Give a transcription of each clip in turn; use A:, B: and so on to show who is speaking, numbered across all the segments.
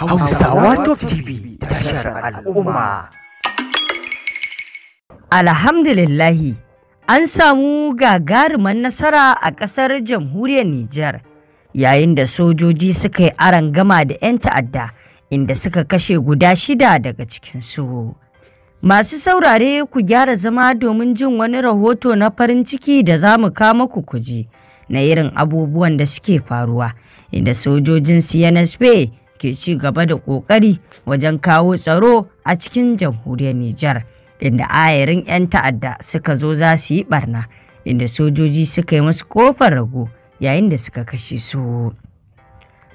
A: Hausawa Top TV tashar al'umma. Alhamdulillahi an samu gagaruman nasara a ƙasar jamhuriyar Nijar yayin da sojoji suka yi aron gama da 'yan ta'adda inda suka kashe guda shida daga cikin cikinsu. Masu saurare ku gyara zama domin jin wani rahoto na farin ciki da za mu kama ku kuji na irin abubuwan da suke faruwa inda sojojin CNSP ke ci gaba da ƙoƙari wajen kawo tsaro a cikin jamhuriyar Nijar, inda ayarin 'yan ta'adda suka zo za su yi barna, inda sojoji suka yi masu ƙofar rago yayin da suka kashe su.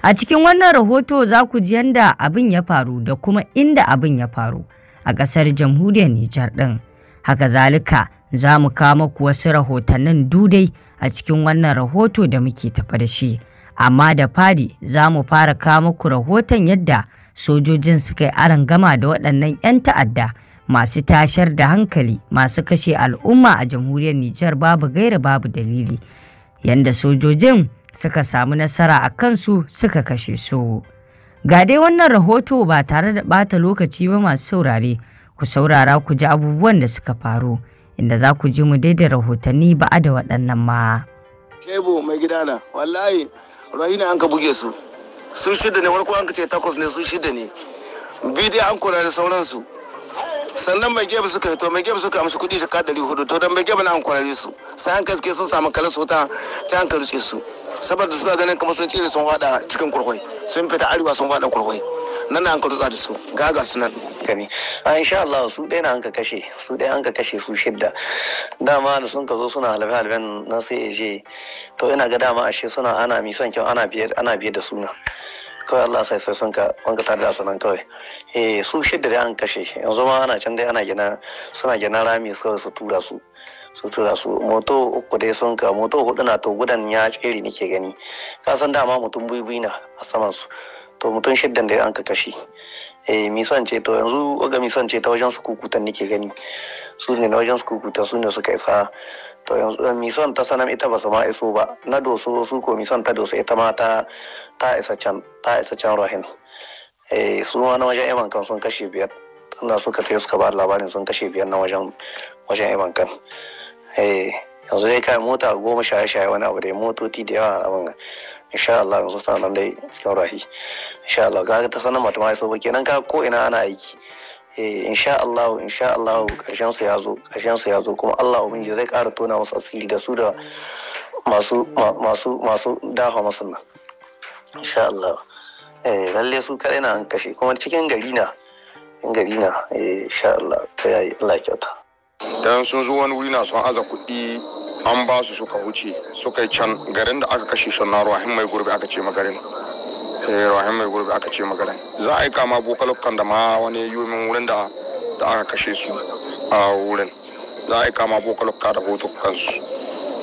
A: A cikin wannan rahoto za ku ji yadda abin ya faru da kuma inda abin ya faru a ƙasar jamhuriyar Nijar ɗin. Haka zalika za mu kama ku wasu rahotannin dudai a cikin wannan rahoto da muke tafa da shi. amma da Fadi, za mu fara kawo muku rahoton yadda sojojin suka yi aron gama da waɗannan 'yan ta'adda masu tashar da hankali masu kashe al'umma a jamhuriyar Nijar babu gaira babu dalili yadda sojojin suka samu nasara a kansu suka kashe su. Ga dai wannan rahoto ba tare da ɓata lokaci ba masu saurare ku saurara ku ji abubuwan da suka faru inda za ku ji mu daidai rahotanni ba a da waɗannan ma.
B: Kebo mai gidana, wallahi rayu ne an ka buge su sun shida ne wani an ka ce takwas ne sun shida ne bidiyo an kula da sauransu sannan mai gefe suka hito mai gefe suka amshi kuɗi shekara ɗari hudu to don mai gefe na an kwarare su sai an kaske sun samu kalar su ta ta an karuce su saboda suna ganin kamar sun cire sun fada cikin kurkwai sun fita arewa sun fada
C: kurkwai nan na an ka tutsa da su gaga su nan gani a insha Allah su dai na hanka kashe su dai hanka kashe su shidda dama da sun ka zo suna halabe halben na sai ya je to ina ga dama ashe suna ana mi son kyau ana biye ana biye da suna kawai Allah sai sai sun ka wanka tare da sunan kawai eh su shidda da an kashe yanzu ma ana can dai ana gina suna gina rami su su tura su su tura su moto uku dai sun ka moto hudu na to gudan ya tsere nake gani ka san dama mutum buibui na a saman su to mutum shiddan da an ka kashe eh misan ce to yanzu mi misan ce ta wajen su kukutan nake gani su ne na wajen su kukuta su ne suka isa to yanzu eh, misan ta sanan ita ba su ma iso ba na doso su ko misan ta doso ita ma ta ta isa can ta isa can rahin eh su ma na wajen yaman kan sun kashe biyar tunda suka tafi suka ba labarin sun kashe biyar na wajen wajen yaman kan eh yanzu dai kai mota goma shaye-shaye wani abu dai motoci da yawa abin insha Allah yanzu suna nan dai cikin rahi insha Allah ga ta sanar mata ma ya kenan ka ko ina ana aiki eh, insha Allah insha Allah karshen su yazo karshen su yazo kuma Allah ubangiji zai ƙara tona musu asiri da su da masu masu masu dafa musu nan insha Allah eh lalle su kadai na an kashe kuma cikin gari na cikin gari na eh insha Allah ta yayi Allah
B: kyauta dan sun zo wani wuri na son aza kuɗi an ba su suka wuce suka yi can garin da aka kashe shan na rahim mai gurbi aka ce magarin eh, rahim mai gurbi aka ce magarin za a yi kama bokalukan da ma wani yumin wurin da da aka kashe su a wurin za a yi kama bokalukka da hoto kansu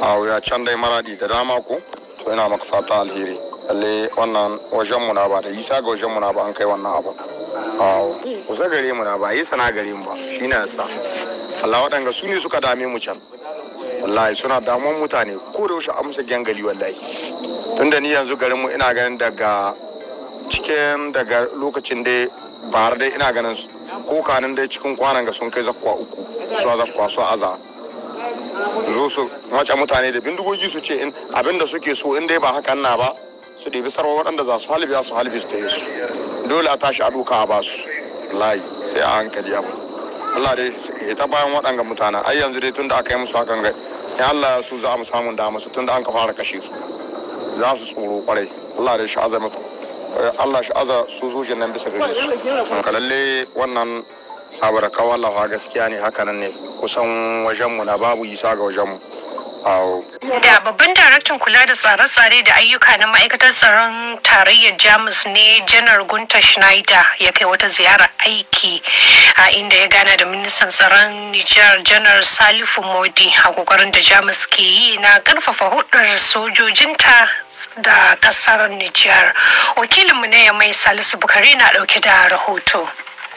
B: a wuya can dai maradi da dama ko to yana maka fata alheri lalle wannan wajen mu na ba da isa ga wajen mu na ba an kai wannan abu a kusa gare mu na ba yi sana gare mu ba shi na yasa Allah waɗanga su ne suka dame mu can wallahi suna damuwan mutane ko da yaushe amsa gyangali wallahi tunda ni yanzu garin mu ina ganin daga cikin daga lokacin da bahar dai ina ganin su ko kanin dai cikin kwanan ga sun kai zakwa uku su zakwa su aza zo su mace mutane da bindigogi su ce abinda suke so in dai ba hakan na ba su ɗebi sarwa waɗanda za su halibi za su halibi su ta yi su dole a tashi a duka a su layi sai a hankali abu Allah dai ya ta bayan waɗanga mutane ai yanzu dai tunda aka yi musu hakan ga in Allah ya su za mu samu da musu tunda an ka fara kashe su za su tsoro kwarai Allah dai shi azama eh, Allah shi aza su zuciyar nan bisa gari su kalalle wannan abarakawa Allah gaskiya ne hakanan ne kusan wajenmu na babu isa ga wajenmu Da
D: babban daraktan kula da tsare-tsare da ayyuka na ma'aikatar tsaron tarayyar Jamus ne Janar gunta Schneider ya kai wata ziyara aiki a inda ya gana da ministan tsaron Nijar Janar Salifu Modi a kokarin da Jamus ke yi na karfafa hudar sojojinta da kasar Nijar. Wakilinmu ne ya Yamai Salisu Bukari na dauke da rahoto.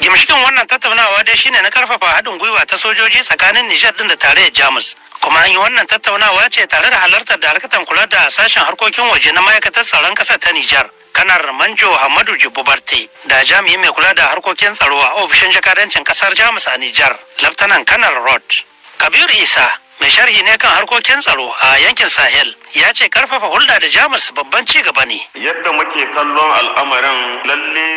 E: Gimshikin wannan tattaunawa dai shine na karfafa haɗin gwiwa ta sojoji tsakanin Nijar ɗin da tarayyar Jamus. kuma an yi wannan tattaunawa ce tare da halartar da harkatan kula da sashen harkokin waje na ma'aikatar tsaron ƙasa ta Nijar. kanar manjo hamadu jibubarte da jami'in mai kula da harkokin tsaro a ofishin jakadancin ƙasar jamus a nijar laftanan kanar rod kabiru isa mai sharhi ne kan harkokin tsaro a yankin sahel ya ce karfafa hulɗa da jamus babban ci gaba ne yadda muke kallon al'amarin lalle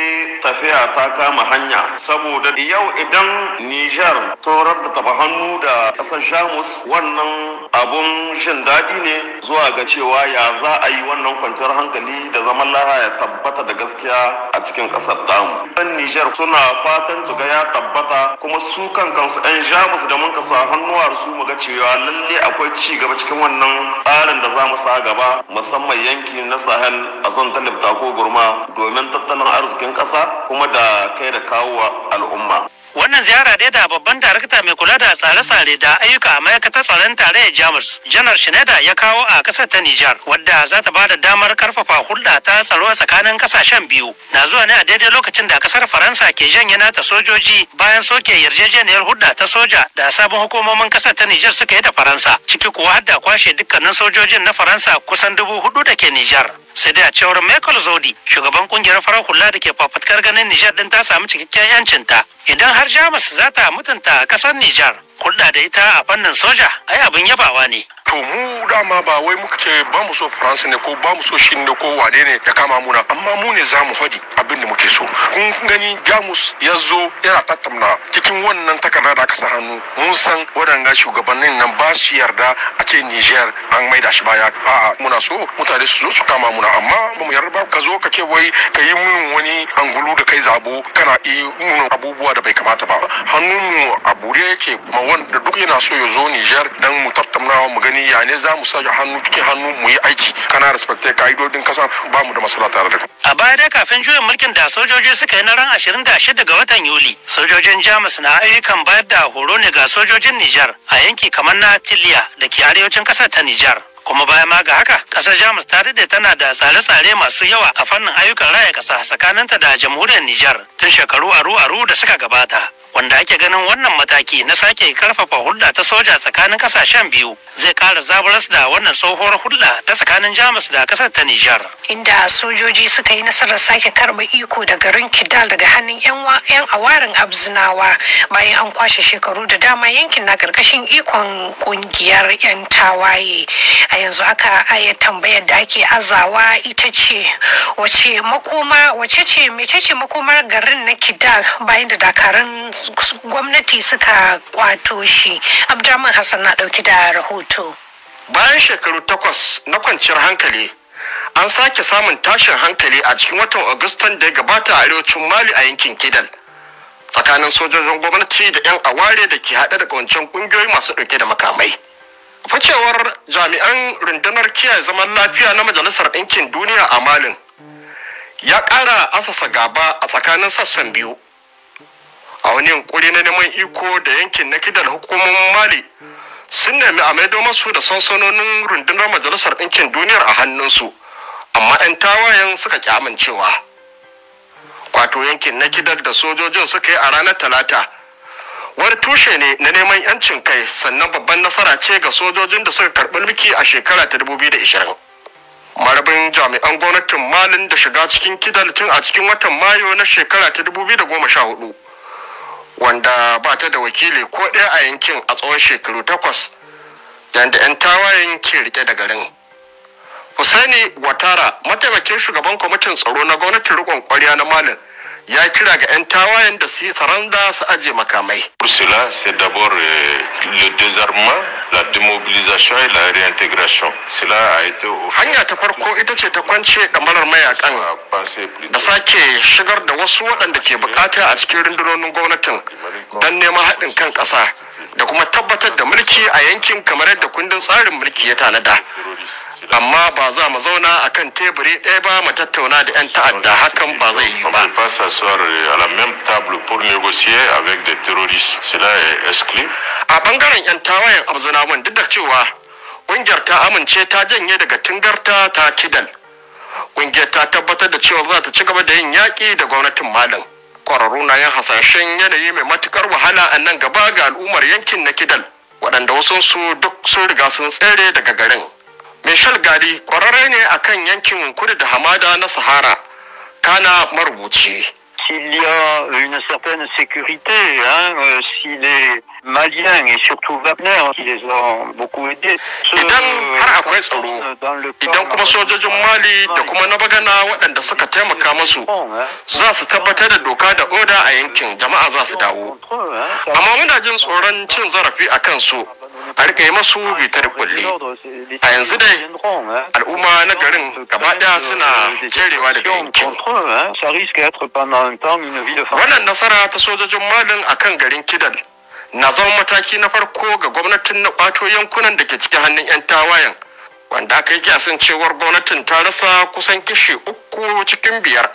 F: tafiya ta kama hanya saboda yau idan niger torar da taba hannu da ƙasar jamus wannan abun shin daɗi ne zuwa ga cewa ya za a yi wannan kwanciyar hankali da zaman laha ya tabbata da gaskiya a cikin ƙasar damu ɗan niger suna fatan su ga ya tabbata kuma su kan kansu 'yan jamus da mun kasa hannuwar su mu ga cewa lalle akwai ci gaba cikin wannan tsarin da za mu sa
E: gaba musamman yanki na sahel a zon talibta ko gurma domin tattalin arzikin ƙasa kuma da kai da kawo al'umma Wannan ziyara dai da babban darakta mai kula da tsare-tsare da ayyuka a ma'aikatar tsaron tarayyar Jamus, Janar Shineda ya kawo a ƙasar ta Nijar, wadda za ta ba da damar karfafa hulɗa ta tsaro tsakanin ƙasashen biyu. Na zuwa ne a daidai lokacin da ƙasar Faransa ke janye nata sojoji bayan soke yarjejeniyar hulɗa ta soja da sabon hukumomin ƙasar ta Nijar suka yi da Faransa, ciki kuwa har kwashe dukkanin sojojin na Faransa kusan dubu hudu da ke Nijar. sai dai a cewar michael zodi shugaban kungiyar farar hula da ke fafatkar ganin nijar ɗin ta samu cikakken yancinta idan har jamus za ta mutunta ƙasar nijar kulla da ita a fannin soja ai abin yabawa ne to mu dama ba wai muka ce
F: ba mu so faransa ne ko ba mu so shin ne ko wane ne ya kama muna amma mu ne zamu mu hadi abin da muke so kun gani jamus ya zo yana tattauna cikin wannan takarda da aka sa hannu mun san waɗanda shugabannin nan ba su yarda a ce niger an maida shi baya a'a muna so mutane su zo su kama muna amma ba mu yarda ba ka zo ka ce wai ka yi mun wani angulu da kai zabo kana yi mun abubuwa da bai kamata ba hannun mu ga yake ma wanda duk yana so ya zo Nijar dan mu tattaunawa mu gani ya ne za mu saki hannu cikin hannu mu yi aiki kana respecte ka'idodin kasa ba mu da masala tare da kai.
E: A baya dai kafin juyin mulkin da sojoji suka yi na ran 26 ga watan Yuli sojojin Jamus na ayyukan bayar da horo ne ga sojojin Nijar a yanki kamar na Tilia da ke arewacin kasar ta Nijar. kuma baya ma ga haka kasar jamus ta daɗe tana da tsare-tsare masu yawa a fannin ayyukan raya ƙasa tsakaninta da jamhuriyar nijar tun shekaru aru-aru da suka gabata wanda ake ganin wannan mataki na sake karfafa hulɗa ta soja tsakanin kasashen biyu zai kara zaburas da wannan tsohuwar hulɗa ta tsakanin jamus da ƙasar ta nijar
D: inda sojoji suka yi nasarar sake karɓa iko da garin kidal daga hannun yan awarin abzinawa bayan an kwashe shekaru da dama yankin na ƙarƙashin ikon ƙungiyar yan tawaye a yanzu aka aya tambayar da ake azawa ita ce wace makoma wace ce mecece makomar garin na kidal bayan da dakarun gwamnati suka kwato shi abdurrahman hassan na dauki da rahoto
F: bayan shekaru takwas na kwanciyar hankali an sake samun tashin hankali a cikin watan agustan da ya gabata a arewacin mali a yankin kidal tsakanin sojojin gwamnati da 'yan aware da ke haɗe da kawancen ƙungiyoyi masu ɗauke da makamai facewar jami'an rundunar kiyaye zaman lafiya na majalisar ɗinkin duniya a malin ya ƙara asasa gaba a tsakanin sassan biyu a wani yankuri na neman iko da yankin na kidar hukumomin mali sun nemi a maido masu da sansanonin rundunar majalisar ɗinkin duniyar a hannunsu amma 'yan tawayen suka ƙi amincewa kwato yankin na kidar da sojojin suka yi a ranar talata wani tushe ne na neman yancin kai sannan babban nasara ce ga sojojin da suka karɓi mulki a shekara ta 2020 marabin jami'an gwamnatin malin da shiga cikin kidal tun a cikin watan mayu na shekara ta 2014 wanda ba ta da wakili ko ɗaya a yankin a tsawon shekaru takwas yadda 'yan tawayen ke rike da garin Hussaini Watara mataimakin shugaban kwamitin tsaro na gwamnatin rikon ƙwarya na Malin ya kira ga 'yan tawayen da su yi tsaron da su aje makamai. Ursula, c'est d'abord euh, le désarmement la démobilisation et la réintégration. Cela a été Hanya ta farko ita ce ta kwance kamarar mayakan da sake shigar da wasu waɗanda ke bukata a cikin rundunonin gwamnatin don neman haɗin kan ƙasa da kuma tabbatar da mulki a yankin kamar yadda kundin tsarin mulki ya tanada. amma ba za mu zauna a kan teburi ɗaya ba mu tattauna da 'yan ta'adda hakan ba zai yi ba. A bangaren 'yan tawayen abzunawan duk da cewa ƙungiyar ta amince ta janye daga tingarta ta kidal. Ƙungiyar ta tabbatar da cewa za ta ci gaba da yin yaƙi da gwamnatin Malam. Ƙwararru na yin hasashen yanayi mai matuƙar wahala a nan gaba ga al'ummar yankin na kidal. waɗanda wasu su duk sun riga sun tsere daga garin. Michel Gali kwararre ne akan yankin kudu da hamada na Sahara, kana marubuci.
E: s'il y a une certaine sécurité, hein, euh, si les Maliens et surtout Wagner qui les ont beaucoup aidés. Idan har akwai tsaro,
F: idan kuma sojojin Mali da kuma na bagana waɗanda suka taimaka masu za su tabbatar da doka da oda a yankin jama'a za su dawo. Amma muna jin tsoron cin zarafi a kansu a rika yi masu bitar kulle a yanzu dai al'umma na garin gaba daya suna jerewa daga yankin wannan nasara ta sojojin malin kan garin kidal na zama mataki na farko ga gwamnatin na kwato yankunan da ke cikin hannun 'yan tawayen wanda aka yi kyasin cewar gwamnatin ta rasa kusan kishi uku cikin biyar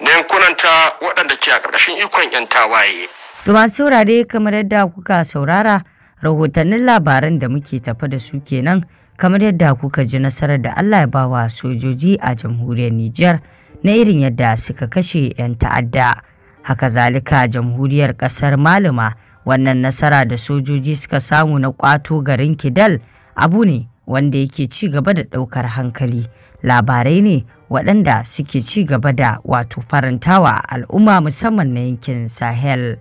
F: na yankunan ta waɗanda ke a ƙarƙashin ikon 'yan tawaye.
A: Domin saurare kamar yadda kuka saurara rahotannin labaran da muke tafa da su kenan kamar yadda kuka ji nasarar da Allah ya bawa sojoji a jamhuriyar Nijar na irin yadda suka kashe 'yan ta'adda. Haka zalika jamhuriyar Kasar Malama wannan nasara da sojoji suka samu na ƙwato garin Kidal abu ne wanda yake ci gaba da ɗaukar hankali. Labarai ne waɗanda suke ci gaba da wato farantawa al'umma musamman na yankin Sahel.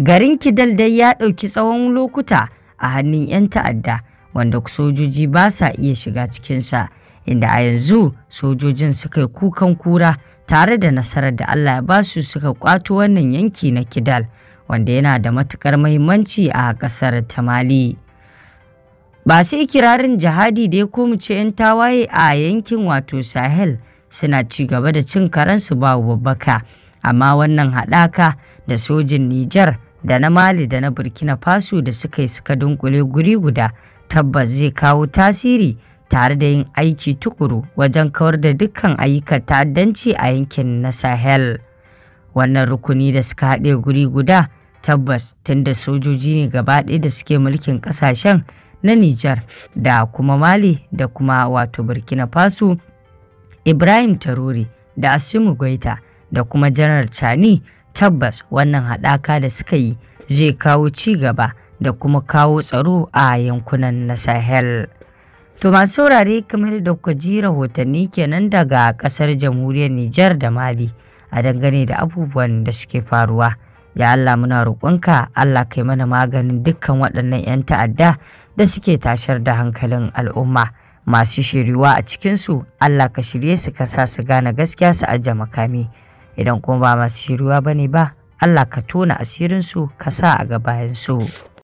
A: Garin Kidal dai ya ɗauki tsawon lokuta a hannun 'yan ta'adda wanda sojoji ba sa iya shiga cikinsa inda a yanzu sojojin suka yi kukan kura tare da nasarar da Allah ya basu suka kwato wannan yanki na Kidal wanda yana da matukar mahimmanci a kasar Tamali. Ba su ikirarin jihadi da ya ce 'yan tawaye a yankin wato Sahel suna ci gaba da cin karansu babu babbaka amma wannan haɗaka da sojin Nijar da na mali da na burkina faso da suka yi suka dunkule guri guda tabbas zai kawo tasiri tare da yin aiki tukuru wajen kawar da dukkan ayyukan ta'addanci a yankin na sahel wannan rukuni da suka haɗe guri guda tabbas tunda sojoji ne gaba ɗaya da suke mulkin ƙasashen na Niger da kuma mali da kuma wato burkina faso ibrahim Taruri da asimu goita da kuma janar chani tabbas wannan haɗaka da suka yi zai kawo ci gaba da kuma kawo tsaro a yankunan na sahel to masu saurare kamar da kuka ji rahotanni kenan daga kasar jamhuriyar nijar da mali a dangane da abubuwan da suke faruwa ya allah muna roƙonka allah kai mana maganin dukkan waɗannan 'yan ta'adda da suke tashar da hankalin al'umma masu shiriwa a cikinsu allah ka shirye su ka sa su gane gaskiya su ajiye makami idan kuma ba masu ruwa bane ba Allah ka tona asirinsu ka sa a gabayansu.